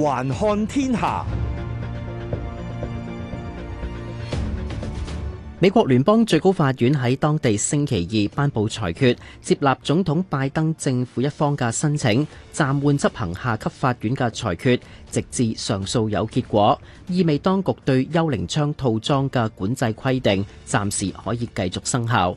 環看天下，美國聯邦最高法院喺當地星期二頒布裁決，接納總統拜登政府一方嘅申請，暫緩執行下級法院嘅裁決，直至上訴有結果，意味當局對幽靈槍套裝嘅管制規定暫時可以繼續生效。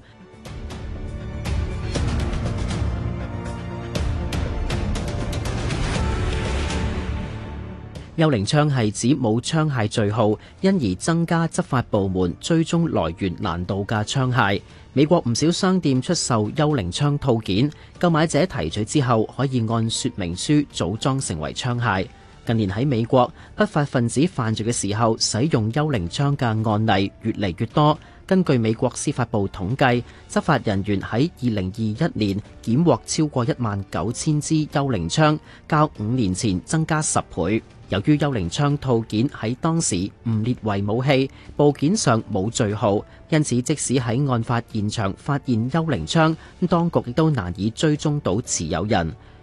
幽靈槍係指冇槍械序號，因而增加執法部門追蹤來源難度嘅槍械。美國唔少商店出售幽靈槍套件，購買者提取之後可以按說明書組裝成為槍械。近年喺美國，不法分子犯罪嘅時候使用幽靈槍嘅案例越嚟越多。根據美國司法部統計，執法人員喺二零二一年檢獲超過一萬九千支幽靈槍，較五年前增加十倍。由於幽靈槍套件喺當時唔列為武器，部件上冇序號，因此即使喺案發現場發現幽靈槍，咁當局亦都難以追蹤到持有人。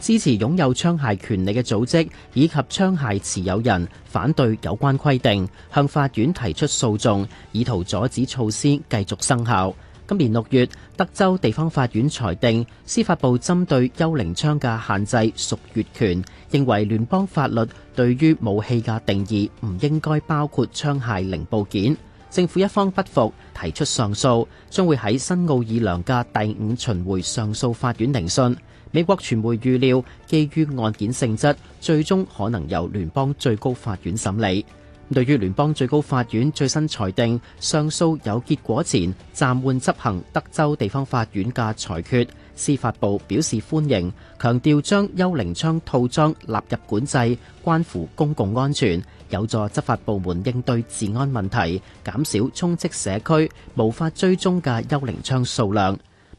支持擁有槍械權利嘅組織以及槍械持有人反對有關規定，向法院提出訴訟，以圖阻止措施繼續生效。今年六月，德州地方法院裁定司法部針對幽靈槍嘅限制屬越權，認為聯邦法律對於武器嘅定義唔應該包括槍械零部件。政府一方不服，提出上訴，將會喺新奧爾良嘅第五巡迴上訴法院聆訊。美國傳媒預料，基於案件性質，最終可能由聯邦最高法院審理。對於聯邦最高法院最新裁定上訴有結果前暫緩執行德州地方法院的裁決，司法部表示歡迎，強調將幽靈槍套裝納入管制關乎公共安全，有助執法部門應對治安問題，減少充斥社區無法追蹤嘅幽靈槍數量。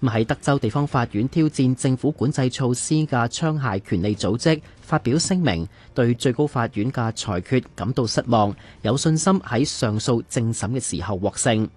喺德州地方法院挑戰政府管制措施嘅槍械權利組織發表聲明，對最高法院嘅裁決感到失望，有信心喺上訴正審嘅時候獲勝。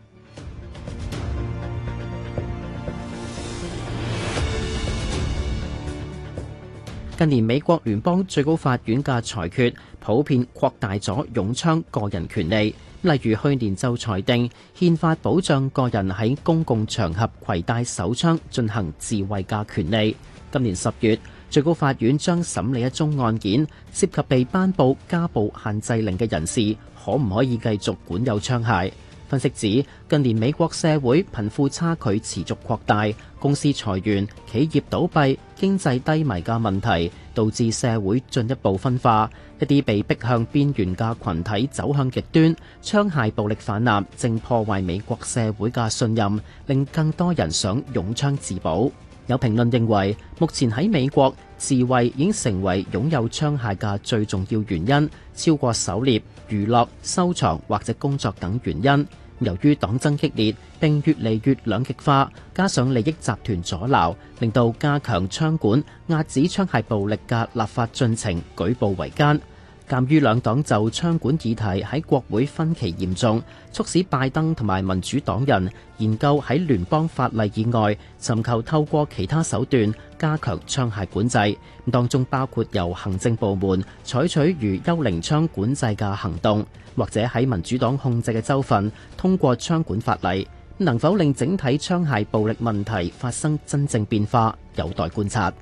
近年，美國聯邦最高法院嘅裁決普遍擴大咗擁槍個人權利，例如去年就裁定憲法保障個人喺公共場合攜帶手槍進行自衛嘅權利。今年十月，最高法院將審理一宗案件，涉及被頒布家暴限制令嘅人士，可唔可以繼續管有槍械？分析指，近年美國社會貧富差距持續擴大，公司裁員、企業倒閉、經濟低迷嘅問題導致社會進一步分化。一啲被逼向邊緣嘅群體走向極端，槍械暴力泛濫正破壞美國社會嘅信任，令更多人想擁槍自保。有評論認為目前喺美國自衛已經成為擁有槍械嘅最重要原因，超過狩獵、娛樂、收藏或者工作等原因。由於黨爭激烈，並越嚟越兩極化，加上利益集團阻撓，令到加強槍管壓止槍械暴力嘅立法進程舉步維艱。鑑於兩黨就槍管議題喺國會分歧嚴重，促使拜登同埋民主黨人研究喺聯邦法例以外尋求透過其他手段加強槍械管制，當中包括由行政部門採取如幽靈槍管制嘅行動，或者喺民主黨控制嘅州份通過槍管法例，能否令整體槍械暴力問題發生真正變化有待觀察。